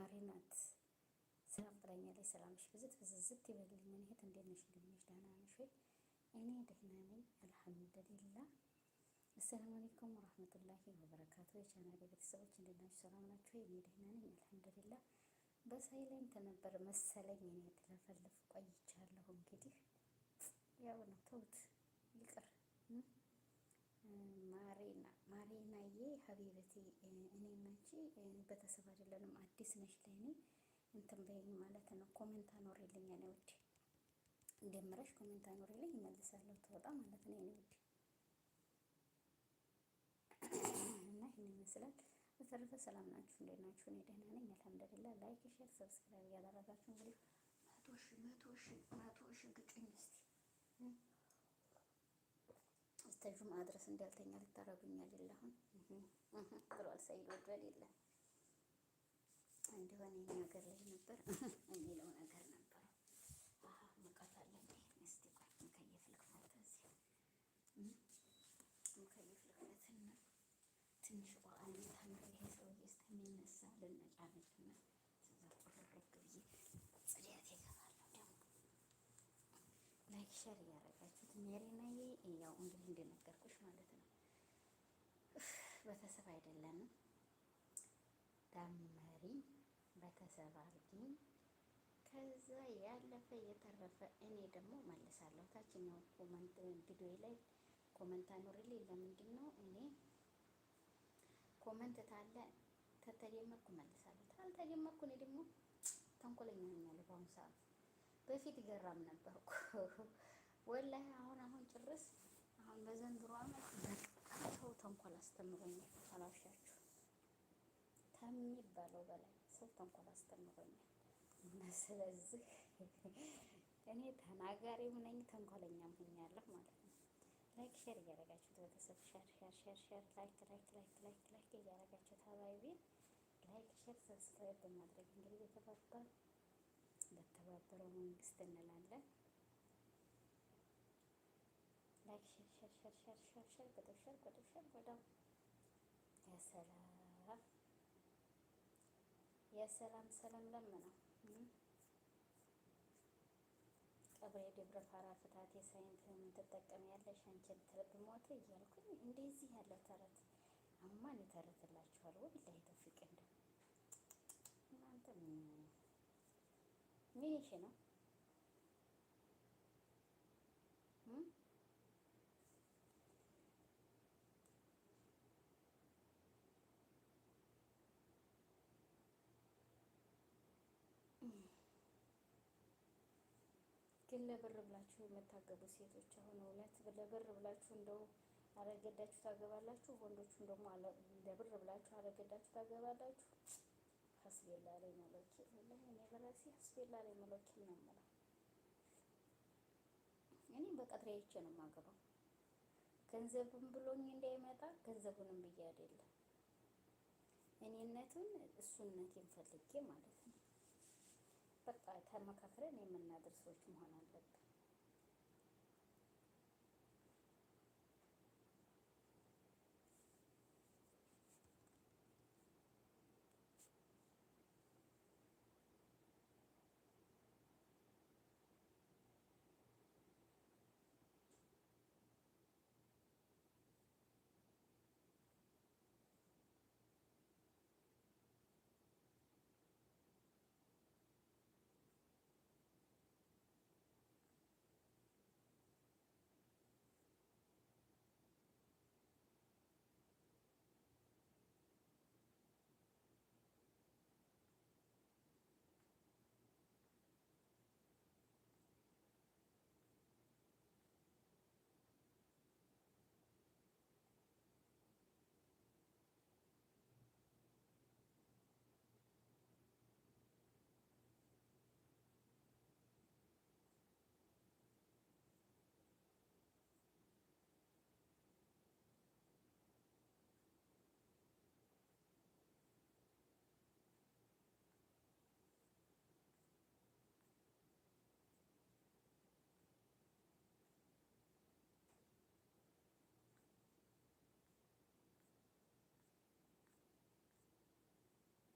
ማሬ ናት። ሰላም ትለኛለች። ሰላምሽ ብዝት ብዝዝት ይበልልኝ። እኔ እህት እንዴት ነሽ? እንደምንሽ ደህና ነሽ ወይ? እኔ ደህና ነኝ አልሐምዱሊላ። አሰላሙ አለይኩም ወራህመቱላሂ ወበረካቱ። የቻናል ቤተሰቦች እንዴት ናችሁ? ሰላም ናችሁ? እኔ ደህና ነኝ አልሐምዱሊላ። በሳይለንት ነበር መሰለኝ እኔ ተለፈልፍ ቆይቻለሁ። እንግዲህ ያው ነው ተውት ሀቢበቴ እኔ አንቺ ቤተሰብ አይደለንም። አዲስ ነሽ ለእኔ እንትን በይኝ ማለት ነው። ኮሜንት አኖሬልኝ እኔ ውድ እንደምረሽ ኮሜንት አኖሬልኝ እመልሳለሁ። ትወጣ ማለት ነው እኔ ውድ እና ይህን ይመስላል። በተረፈ ሰላም ናችሁ? እንዴት ናችሁ? እኔ ደህና ነኝ አልሐምዱሊላህ። ላይክ፣ ሼር፣ ሰብስክራይብ እያደረጋችሁ እንግዲህ መቶ ሺህ መቶ ሺህ መቶ ሺህ ግጭኝ እስኪ እስከ ጁምአ እንዳልተኛ ልታረጉኛል አሁን ብሏል ሰይድ ወዷል የለም እንደሆነ የእኔ ሀገር ላይ ነበር የሚለው ነገር ነበር። ሙቀት አለ እንዴ? ሙከየፍ ልክፈት፣ እዚህ ሙከየፍ ልክፈትና ትንሽ ቁርአን ታምር ይሄ ሰውዬ እስከሚነሳ ልነጫነጭና ስዛ ቁርርግ ብዬ ጽዳት ይገባለሁ። ደግሞ ላይክ ሸር እያደረጋችሁት ሜሪናዬ ያው እንግዲህ እንደነገ ቤተሰብ አይደለንም። ዳመሪ ቤተሰብ አርጊ። ከዛ ያለፈ የተረፈ እኔ ደግሞ መልሳለሁ። ታችኛው ኮመንት ቪዲዮ ላይ ኮመንት አኖርልኝ። ለምንድን ነው እኔ ኮመንት ታለ ተተጀመርኩ መልሳለሁ፣ ታልተጀመርኩ እኔ ደግሞ ተንኮለኛ ሆኛለሁ። በአሁኑ ሰዓት በፊት ገራም ነበርኩ ወላሂ። አሁን አሁን ጭርስ ተንኮል አስተምሮኛል፣ አላሻችሁ ከሚባለው በላይ ሰው ተንኮል አስተምሮኛል። እና ስለዚህ እኔ ተናጋሪም ነኝ ተንኮለኛም ሆኛለሁ ማለት ነው። ላይክ ሼር እያደረጋችሁት ቤተሰብ ሼር ሼር ሼር ሼር ላይክ ላይክ ላይክ ላይክ ላይክ እያደረጋችሁት ሀባይቢ ላይክ ሼር ሰብስክራይብ በማድረግ እንግዲህ በተባበረው መንግስት እንላለን። ላይክ ሼር ሸርሸርሸርሸር ጉድብሽር ጉድብሽር ጉዳው የሰላም የሰላም ሰላም ለም ነው። ቀብሬ ደብረ ፋራ ፍታት የሳይንት ምን ትጠቀሚያለሽ አንቺን ብሞት እያልኩኝ እንደዚህ ያለ ተረት አማን ይተርትላችኋል። ወላሂ ተውፊቅ እንደው እናንተ ምን ይሄ ነው? ግን ለብር ብላችሁ የምታገቡ ሴቶች አሁን እውነት ለብር ብላችሁ እንደው አረገዳችሁ ታገባላችሁ። ወንዶቹም ደግሞ ለብር ብላችሁ አረገዳችሁ ታገባላችሁ። ሀስቤላ ላይ መለኪል ወላሂ እኔ በራሴ ሀስቤላ ላይ መለኪል ነው የምለው። እኔ በቀጥሬ አይቼ ነው የማገባው። ገንዘብም ብሎኝ እንዳይመጣ ገንዘቡንም ብዬ አይደለም እኔነቱን እሱነቴን ፈልጌ ማለት ነው። ተመካክረን ሰዎች መሆን አለብን።